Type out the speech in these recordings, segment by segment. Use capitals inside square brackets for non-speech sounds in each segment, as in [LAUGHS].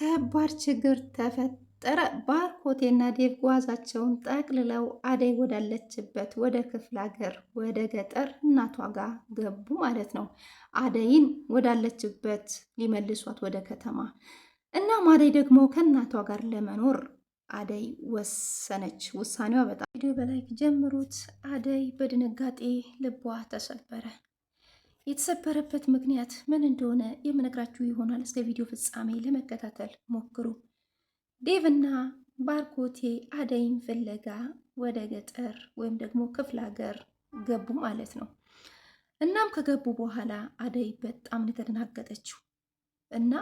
ከባድ ችግር ተፈጠረ። ባርኮቴና ዴቭ ጓዛቸውን ጠቅልለው አደይ ወዳለችበት ወደ ክፍለ ሀገር ወደ ገጠር እናቷ ጋር ገቡ ማለት ነው። አደይን ወዳለችበት ሊመልሷት ወደ ከተማ። እናም አደይ ደግሞ ከእናቷ ጋር ለመኖር አደይ ወሰነች። ውሳኔዋ በጣም ቪዲዮ በላይክ ጀምሩት። አደይ በድንጋጤ ልቧ ተሰበረ። የተሰበረበት ምክንያት ምን እንደሆነ የምነግራችሁ ይሆናል። እስከ ቪዲዮ ፍጻሜ ለመከታተል ሞክሩ። ዴቭና ባርኮቴ አደይን ፍለጋ ወደ ገጠር ወይም ደግሞ ክፍለ ሀገር ገቡ ማለት ነው። እናም ከገቡ በኋላ አደይ በጣም የተደናገጠችው እና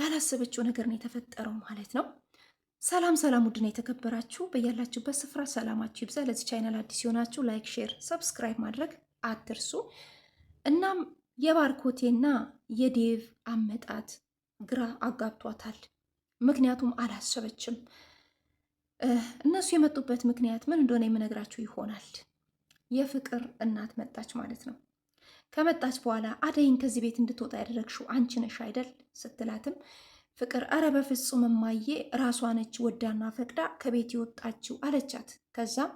ያላሰበችው ነገር ነው የተፈጠረው ማለት ነው። ሰላም ሰላም፣ ውድና የተከበራችሁ በያላችሁበት ስፍራ ሰላማችሁ ይብዛ። ለዚህ ቻይናል አዲስ ሲሆናችሁ ላይክ፣ ሼር፣ ሰብስክራይብ ማድረግ አትርሱ። እናም የባርኮቴና የዴቭ አመጣት ግራ አጋብቷታል። ምክንያቱም አላሰበችም። እነሱ የመጡበት ምክንያት ምን እንደሆነ የምነግራችሁ ይሆናል። የፍቅር እናት መጣች ማለት ነው። ከመጣች በኋላ አደይን ከዚህ ቤት እንድትወጣ ያደረግሽው አንቺ ነሽ አይደል ስትላትም ፍቅር አረ በፍጹም እማዬ ራሷ ነች ወዳና ፈቅዳ ከቤት የወጣችው አለቻት። ከዛም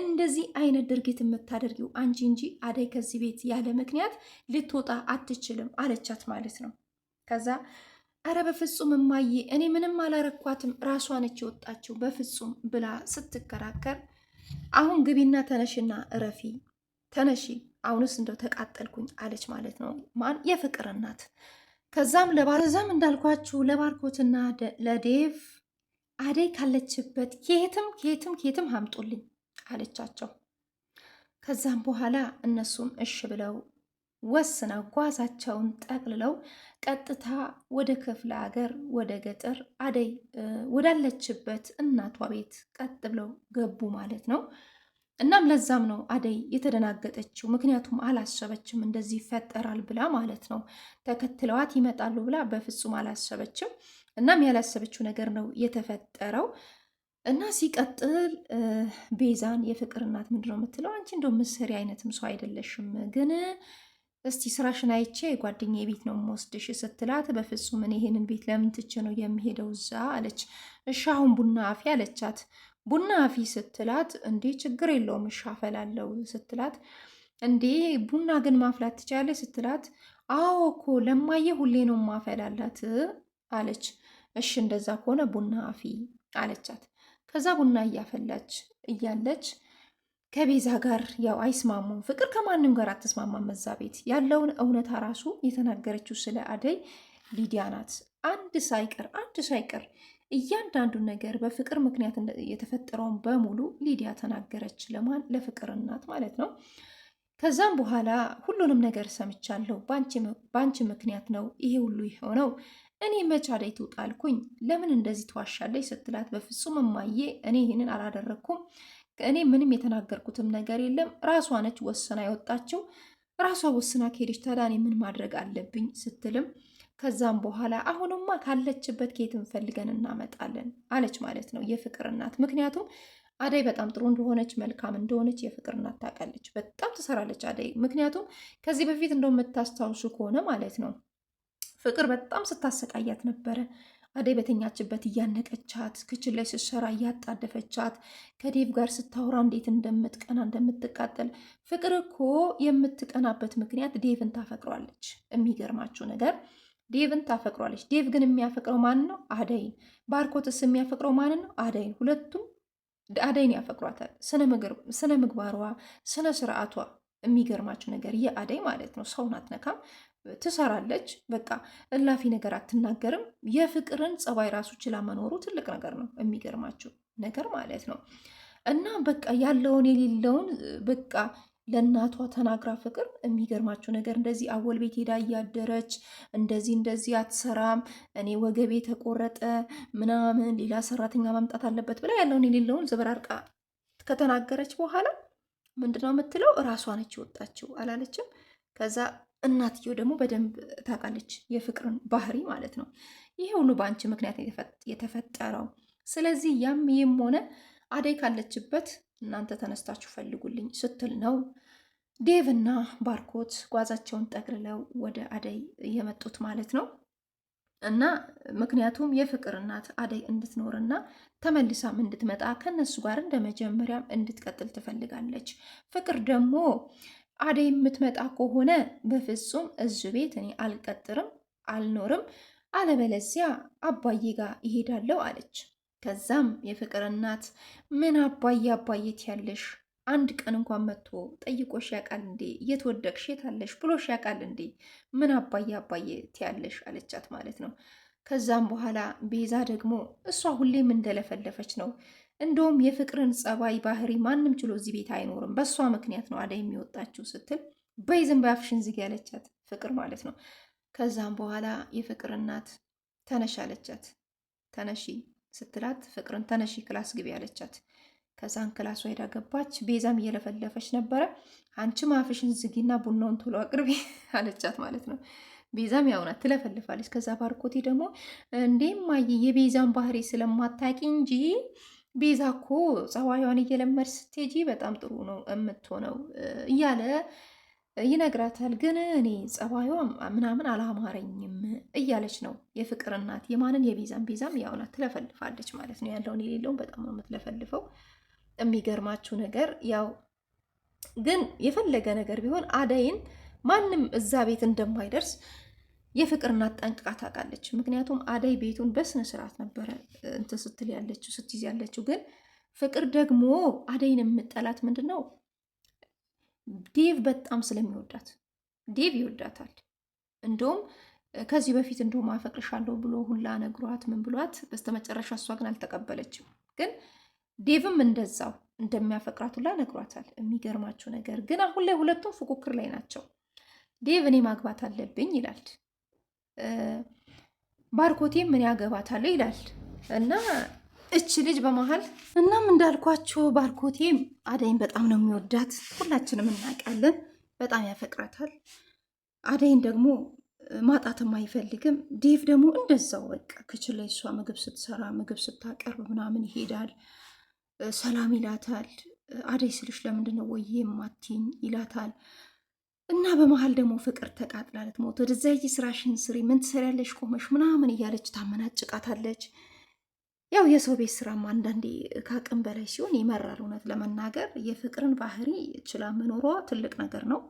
እንደዚህ አይነት ድርጊት የምታደርጊው አንቺ እንጂ አደይ ከዚህ ቤት ያለ ምክንያት ልትወጣ አትችልም አለቻት ማለት ነው። ከዛ አረ በፍጹም እማዬ እኔ ምንም አላረኳትም ራሷ ነች የወጣችው በፍጹም ብላ ስትከራከር፣ አሁን ግቢና ተነሽና እረፊ ተነሺ፣ አሁንስ እንደው ተቃጠልኩኝ አለች ማለት ነው። ማን የፍቅር እናት ከዛም ለባረዛም እንዳልኳችሁ ለባርኮትና ለዴቭ አደይ ካለችበት ኬትም ኬትም ኬትም አምጡልኝ አለቻቸው። ከዛም በኋላ እነሱም እሽ ብለው ወስነው ጓዛቸውን ጠቅልለው ቀጥታ ወደ ክፍለ ሀገር ወደ ገጠር አደይ ወዳለችበት እናቷ ቤት ቀጥ ብለው ገቡ ማለት ነው። እናም ለዛም ነው አደይ የተደናገጠችው። ምክንያቱም አላሰበችም እንደዚህ ይፈጠራል ብላ ማለት ነው። ተከትለዋት ይመጣሉ ብላ በፍጹም አላሰበችም። እናም ያላሰበችው ነገር ነው የተፈጠረው። እና ሲቀጥል ቤዛን የፍቅር እናት ምንድን ነው የምትለው? አንቺ እንደው ምስሪ አይነትም ሰው አይደለሽም፣ ግን እስቲ ስራሽን አይቼ ጓደኛ ቤት ነው የምወስድሽ ስትላት፣ በፍጹም እኔ ይሄንን ቤት ለምን ትቼ ነው የሚሄደው እዛ አለች። እሺ አሁን ቡና አፊ አለቻት። ቡና አፊ ስትላት እንዴ ችግር የለውም እሻፈላለው ስትላት እንዴ ቡና ግን ማፍላት ትችላለች ስትላት አዎ እኮ ለማየ ሁሌ ነው ማፈላላት አለች። እሽ እንደዛ ከሆነ ቡና አፊ አለቻት። ከዛ ቡና እያፈላች እያለች ከቤዛ ጋር ያው አይስማሙም። ፍቅር ከማንም ጋር አትስማማም። እዛ ቤት ያለውን እውነታ ራሱ የተናገረችው ስለ አደይ ሊዲያ ናት። አንድ ሳይቀር አንድ ሳይቀር እያንዳንዱ ነገር በፍቅር ምክንያት የተፈጠረውን በሙሉ ሊዲያ ተናገረች። ለማን ለፍቅር እናት ማለት ነው። ከዛም በኋላ ሁሉንም ነገር ሰምቻለሁ። በአንቺ ምክንያት ነው ይሄ ሁሉ የሆነው። እኔ መች አደይ ትውጣልኩኝ ለምን እንደዚህ ትዋሻለች ስትላት፣ በፍጹም እማዬ፣ እኔ ይህንን አላደረግኩም። እኔ ምንም የተናገርኩትም ነገር የለም። ራሷ ነች ወስና የወጣችው። ራሷ ወስና ከሄደች ታዲያ እኔ ምን ማድረግ አለብኝ ስትልም ከዛም በኋላ አሁንማ ካለችበት ከየትም ፈልገን እናመጣለን አለች ማለት ነው የፍቅር እናት። ምክንያቱም አደይ በጣም ጥሩ እንደሆነች መልካም እንደሆነች የፍቅር እናት ታውቃለች። በጣም ትሰራለች አደይ። ምክንያቱም ከዚህ በፊት እንደው የምታስታውሱ ከሆነ ማለት ነው ፍቅር በጣም ስታሰቃያት ነበረ። አደይ በተኛችበት እያነቀቻት ክችን ላይ ስትሰራ እያጣደፈቻት ከዴቭ ጋር ስታወራ እንዴት እንደምትቀና እንደምትቃጠል። ፍቅር እኮ የምትቀናበት ምክንያት ዴቭን ታፈቅሯለች። የሚገርማችሁ ነገር ዴቭን ታፈቅሯለች። ዴቭ ግን የሚያፈቅረው ማንን ነው? አደይን። ባርኮትስ የሚያፈቅረው ማንን ነው? አደይን። ሁለቱም አደይን ያፈቅሯታል። ስነ ምግባሯ፣ ስነ ስርዓቷ የሚገርማቸው ነገር አደይ ማለት ነው ሰውን አትነካም፣ ትሰራለች። በቃ እላፊ ነገር አትናገርም። የፍቅርን ጸባይ ራሱ ችላ መኖሩ ትልቅ ነገር ነው። የሚገርማቸው ነገር ማለት ነው እና በቃ ያለውን የሌለውን በቃ ለእናቷ ተናግራ ፍቅር የሚገርማቸው ነገር እንደዚህ አወል ቤት ሄዳ እያደረች እንደዚህ እንደዚህ አትሰራም፣ እኔ ወገቤ ተቆረጠ ምናምን ሌላ ሰራተኛ ማምጣት አለበት ብላ ያለውን የሌለውን ዘበራርቃ ከተናገረች በኋላ ምንድነው የምትለው? እራሷ ነች የወጣችው አላለችም። ከዛ እናትየው ደግሞ በደንብ ታውቃለች የፍቅርን ባህሪ ማለት ነው። ይሄ ሁሉ በአንቺ ምክንያት የተፈጠረው ስለዚህ ያም ይህም ሆነ አደይ ካለችበት እናንተ ተነስታችሁ ፈልጉልኝ ስትል ነው ዴቭ እና ባርኮት ጓዛቸውን ጠቅልለው ወደ አደይ የመጡት ማለት ነው። እና ምክንያቱም የፍቅር እናት አደይ እንድትኖርና ተመልሳም እንድትመጣ ከነሱ ጋር እንደ መጀመሪያም እንድትቀጥል ትፈልጋለች። ፍቅር ደግሞ አደይ የምትመጣ ከሆነ በፍጹም እዚህ ቤት እኔ አልቀጥርም፣ አልኖርም፣ አለበለዚያ አባዬ ጋር ይሄዳለው አለች። ከዛም የፍቅር እናት ምን አባዬ አባዬት ያለሽ አንድ ቀን እንኳን መጥቶ ጠይቆሽ ያውቃል እንዴ? የት ወደቅሽ? የት አለሽ ብሎሽ ያውቃል እንዴ? ምን አባዬ አባዬት ያለሽ አለቻት ማለት ነው። ከዛም በኋላ ቤዛ ደግሞ እሷ ሁሌም እንደለፈለፈች ነው። እንደውም የፍቅርን ጸባይ፣ ባህሪ ማንም ችሎ እዚህ ቤት አይኖርም፣ በእሷ ምክንያት ነው አደይ የሚወጣችው ስትል በይ ዝም በይ ያለቻት ፍቅር ማለት ነው። ከዛም በኋላ የፍቅር እናት ተነሽ አለቻት። ተነሺ ስትላት ፍቅርን ተነሺ ክላስ ግቢ ያለቻት። ከዛን ክላስ ወይዳ ገባች። ቤዛም እየለፈለፈች ነበረ። አንቺ አፍሽን ዝጊና ቡናውን ቶሎ አቅርቢ [LAUGHS] አለቻት ማለት ነው። ቤዛም ያውና ትለፈልፋለች። ከዛ ባርኮቴ ደግሞ እንዴ ማየ የቤዛን ባህሪ ስለማታቂ እንጂ ቤዛ እኮ ፀዋይዋን እየለመድ ስትሄጂ በጣም ጥሩ ነው የምትሆነው እያለ ይነግራታል። ግን እኔ ጸባዩ ምናምን አላማረኝም እያለች ነው የፍቅር እናት። የማንን የቤዛም ቤዛም ያው ትለፈልፋለች ማለት ነው። ያለውን የሌለውን በጣም ነው የምትለፈልፈው። የሚገርማችሁ ነገር ያው ግን የፈለገ ነገር ቢሆን አደይን ማንም እዛ ቤት እንደማይደርስ የፍቅር እናት ጠንቅቃ ታውቃለች። ምክንያቱም አደይ ቤቱን በስነ ስርዓት ነበረ እንትን ስትል ያለችው ስትይዝ ያለችው። ግን ፍቅር ደግሞ አደይን የምጠላት ምንድን ነው ዴቭ በጣም ስለሚወዳት ዴቭ ይወዳታል። እንደውም ከዚህ በፊት እንደውም አፈቅርሻለሁ ብሎ ሁላ ነግሯት ምን ብሏት፣ በስተመጨረሻ እሷ ግን አልተቀበለችም። ግን ዴቭም እንደዛው እንደሚያፈቅራት ሁላ ነግሯታል። የሚገርማቸው ነገር ግን አሁን ላይ ሁለቱም ፉክክር ላይ ናቸው። ዴቭ እኔ ማግባት አለብኝ ይላል፣ ባርኮቴም እኔ አገባታለሁ ይላል እና እች ልጅ በመሀል እናም እንዳልኳቸው ባርኮቴ አደይን በጣም ነው የሚወዳት፣ ሁላችንም እናውቃለን። በጣም ያፈቅራታል። አደይን ደግሞ ማጣትም አይፈልግም። ዴቭ ደግሞ እንደዛው በቃ ክችል ላይ እሷ ምግብ ስትሰራ ምግብ ስታቀርብ ምናምን ይሄዳል፣ ሰላም ይላታል። አደይ ስልሽ ለምንድን ነው ወይ የማትይኝ ይላታል። እና በመሀል ደግሞ ፍቅር ተቃጥላ ልትሞት ወደዚያ ስራሽን ስሪ ምን ትሰሪያለሽ ቆመሽ ምናምን እያለች ታመናጭቃታለች። ያው የሰው ቤት ስራም አንዳንዴ ከአቅም በላይ ሲሆን ይመራል። እውነት ለመናገር የፍቅርን ባህሪ ችላ መኖሯ ትልቅ ነገር ነው።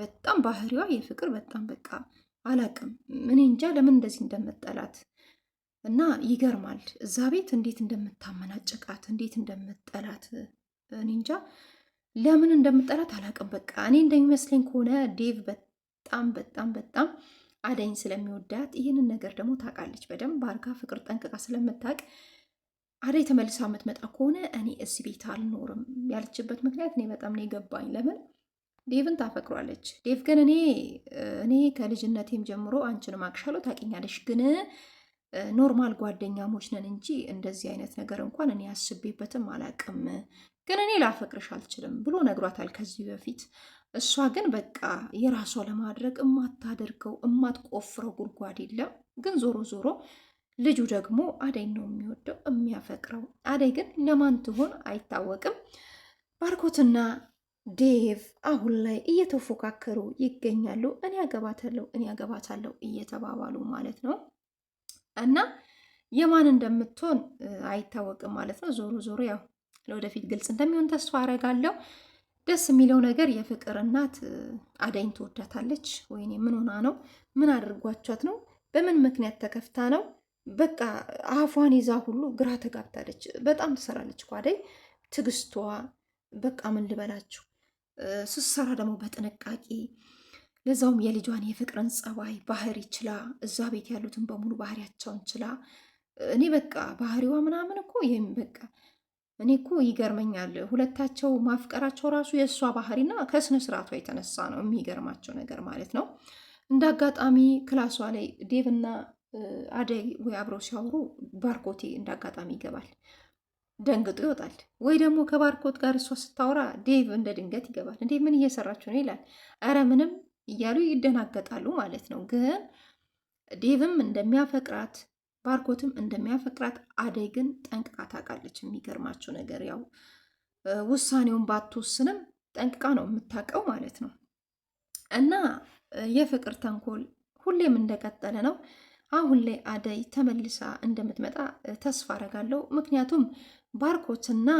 በጣም ባህሪዋ የፍቅር በጣም በቃ አላቅም፣ እኔ እንጃ ለምን እንደዚህ እንደምጠላት እና ይገርማል። እዛ ቤት እንዴት እንደምታመናጭቃት እንዴት እንደምጠላት እኔ እንጃ ለምን እንደምጠላት አላቅም። በቃ እኔ እንደሚመስለኝ ከሆነ ዴቭ በጣም በጣም በጣም አደይን ስለሚወዳት ይህንን ነገር ደግሞ ታውቃለች በደንብ አድርጋ ፍቅር ጠንቅቃ ስለምታውቅ አደይ ተመልሳ የምትመጣ ከሆነ እኔ እዚህ ቤት አልኖርም ያለችበት ምክንያት እኔ በጣም ነው የገባኝ። ለምን ዴቭን ታፈቅሯለች። ዴቭ ግን እኔ እኔ ከልጅነቴም ጀምሮ አንቺን ማቅሻለሁ ታውቂኛለሽ፣ ግን ኖርማል ጓደኛሞች ነን እንጂ እንደዚህ አይነት ነገር እንኳን እኔ አስቤበትም አላውቅም፣ ግን እኔ ላፈቅርሽ አልችልም ብሎ ነግሯታል ከዚህ በፊት እሷ ግን በቃ የራሷ ለማድረግ እማታደርገው እማትቆፍረው ጉድጓድ የለም። ግን ዞሮ ዞሮ ልጁ ደግሞ አደይ ነው የሚወደው የሚያፈቅረው። አደይ ግን ለማን ትሆን አይታወቅም። ባርኮትና ዴቭ አሁን ላይ እየተፎካከሩ ይገኛሉ። እኔ ያገባታለሁ እኔ ያገባታለሁ እየተባባሉ ማለት ነው። እና የማን እንደምትሆን አይታወቅም ማለት ነው። ዞሮ ዞሮ ያው ለወደፊት ግልጽ እንደሚሆን ተስፋ አረጋለሁ። ደስ የሚለው ነገር የፍቅር እናት አዳኝ ትወዳታለች። ወይኔ ምን ሆና ነው? ምን አድርጓቸት ነው? በምን ምክንያት ተከፍታ ነው? በቃ አፏን ይዛ ሁሉ ግራ ተጋብታለች። በጣም ትሰራለች እኮ አዳይ። በቃ ምን ልበላችሁ፣ ስትሰራ ደግሞ በጥንቃቄ ለዛውም የልጇን የፍቅርን ጸባይ ባህሪ ችላ፣ እዛ ቤት ያሉትን በሙሉ ባህሪያቸውን ችላ። እኔ በቃ ባህሪዋ ምናምን እኮ ይህም በቃ እኔ እኮ ይገርመኛል ሁለታቸው ማፍቀራቸው ራሱ የእሷ ባህሪና ከስነ ስርዓቷ የተነሳ ነው የሚገርማቸው ነገር ማለት ነው። እንደ አጋጣሚ ክላሷ ላይ ዴቭና አደይ ወይ አብረው ሲያወሩ ባርኮቴ እንደ አጋጣሚ ይገባል፣ ደንግጦ ይወጣል። ወይ ደግሞ ከባርኮት ጋር እሷ ስታወራ ዴቭ እንደ ድንገት ይገባል። እንዴ ምን እየሰራችሁ ነው ይላል። ኧረ ምንም እያሉ ይደናገጣሉ ማለት ነው። ግን ዴቭም እንደሚያፈቅራት ባርኮትም እንደሚያፈቅራት አደይ ግን ጠንቅቃ ታውቃለች። የሚገርማችሁ ነገር ያው ውሳኔውን ባትወስንም ጠንቅቃ ነው የምታውቀው ማለት ነው። እና የፍቅር ተንኮል ሁሌም እንደቀጠለ ነው። አሁን ላይ አደይ ተመልሳ እንደምትመጣ ተስፋ አረጋለሁ። ምክንያቱም ባርኮትና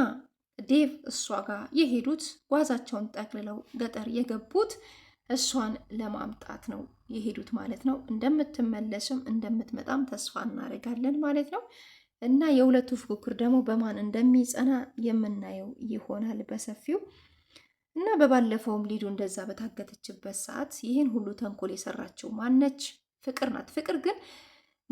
ዴቭ እሷ ጋር የሄዱት ጓዛቸውን ጠቅልለው ገጠር የገቡት እሷን ለማምጣት ነው የሄዱት ማለት ነው። እንደምትመለስም እንደምትመጣም ተስፋ እናደርጋለን ማለት ነው። እና የሁለቱ ፉክክር ደግሞ በማን እንደሚጸና የምናየው ይሆናል በሰፊው እና በባለፈውም ሊዱ እንደዛ በታገተችበት ሰዓት ይህን ሁሉ ተንኮል የሰራችው ማነች? ፍቅር ናት። ፍቅር ግን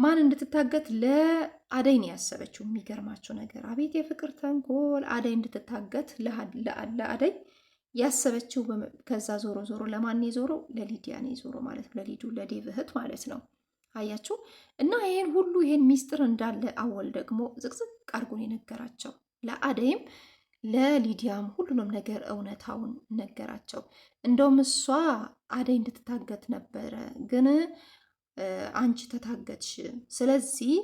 ማን እንድትታገት ለአደይ ነው ያሰበችው። የሚገርማችሁ ነገር አቤት የፍቅር ተንኮል! አደይ እንድትታገት ለአደይ ያሰበችው ከዛ ዞሮ ዞሮ ለማን የዞሮ ለሊዲያ ነው የዞሮ ማለት ነው። ለሊዱ ለዴቭ እህት ማለት ነው። አያችሁ እና ይሄን ሁሉ ይሄን ሚስጥር እንዳለ አወል ደግሞ ዝቅዝቅ አድርጎን የነገራቸው ለአደይም ለሊዲያም ሁሉንም ነገር እውነታውን ነገራቸው። እንደውም እሷ አደይ እንድትታገት ነበረ፣ ግን አንቺ ተታገትሽ። ስለዚህ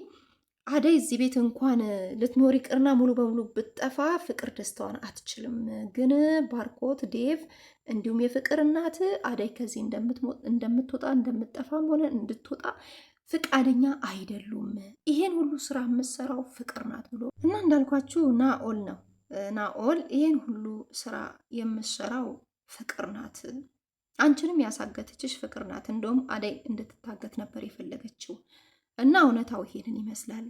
አደይ እዚህ ቤት እንኳን ልትኖር ይቅርና ሙሉ በሙሉ ብትጠፋ ፍቅር ደስታዋን አትችልም። ግን ባርኮት፣ ዴቭ እንዲሁም የፍቅር እናት አደይ ከዚህ እንደምትወጣ እንደምትጠፋም ሆነ እንድትወጣ ፍቃደኛ አይደሉም። ይሄን ሁሉ ስራ የምትሰራው ፍቅር ናት ብሎ እና እንዳልኳችሁ ናኦል ነው ናኦል። ይሄን ሁሉ ስራ የምትሰራው ፍቅር ናት። አንቺንም ያሳገተችሽ ፍቅር ናት። እንደውም አደይ እንድትታገት ነበር የፈለገችው እና እውነታው ይሄንን ይመስላል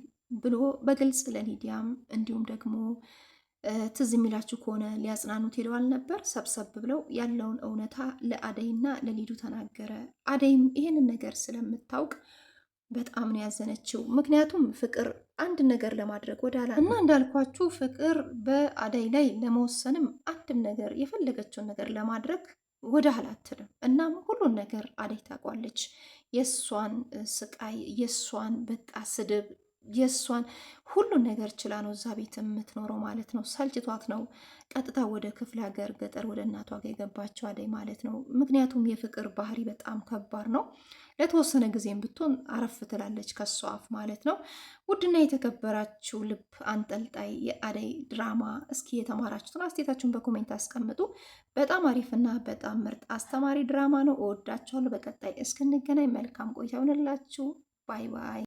ብሎ በግልጽ ለሊዲያም እንዲሁም ደግሞ ትዝ የሚላችሁ ከሆነ ሊያጽናኑት ሄደዋል ነበር። ሰብሰብ ብለው ያለውን እውነታ ለአደይና ለሊዱ ተናገረ። አደይም ይህንን ነገር ስለምታውቅ በጣም ነው ያዘነችው። ምክንያቱም ፍቅር አንድ ነገር ለማድረግ ወዳላ እና እንዳልኳችሁ ፍቅር በአደይ ላይ ለመወሰንም አንድም ነገር የፈለገችውን ነገር ለማድረግ ወደ ኋላ አትልም። እናም ሁሉን ነገር አደይ ታውቋለች። የእሷን ስቃይ የእሷን በቃ ስድብ የእሷን ሁሉን ነገር ችላ ነው እዛ ቤት የምትኖረው ማለት ነው። ሰልችቷት ነው ቀጥታ ወደ ክፍለ ሀገር ገጠር ወደ እናቷ ጋር የገባቸው አደይ ማለት ነው። ምክንያቱም የፍቅር ባህሪ በጣም ከባድ ነው። ለተወሰነ ጊዜም ብትሆን አረፍ ትላለች ከሷ አፍ ማለት ነው። ውድና የተከበራችሁ ልብ አንጠልጣይ የአደይ ድራማ እስኪ የተማራችሁትን አስቴታችሁን በኮሜንት አስቀምጡ። በጣም አሪፍና በጣም ምርጥ አስተማሪ ድራማ ነው። እወዳችኋለሁ። በቀጣይ እስክንገናኝ መልካም ቆይታ ይሆንላችሁ። ባይ ባይ።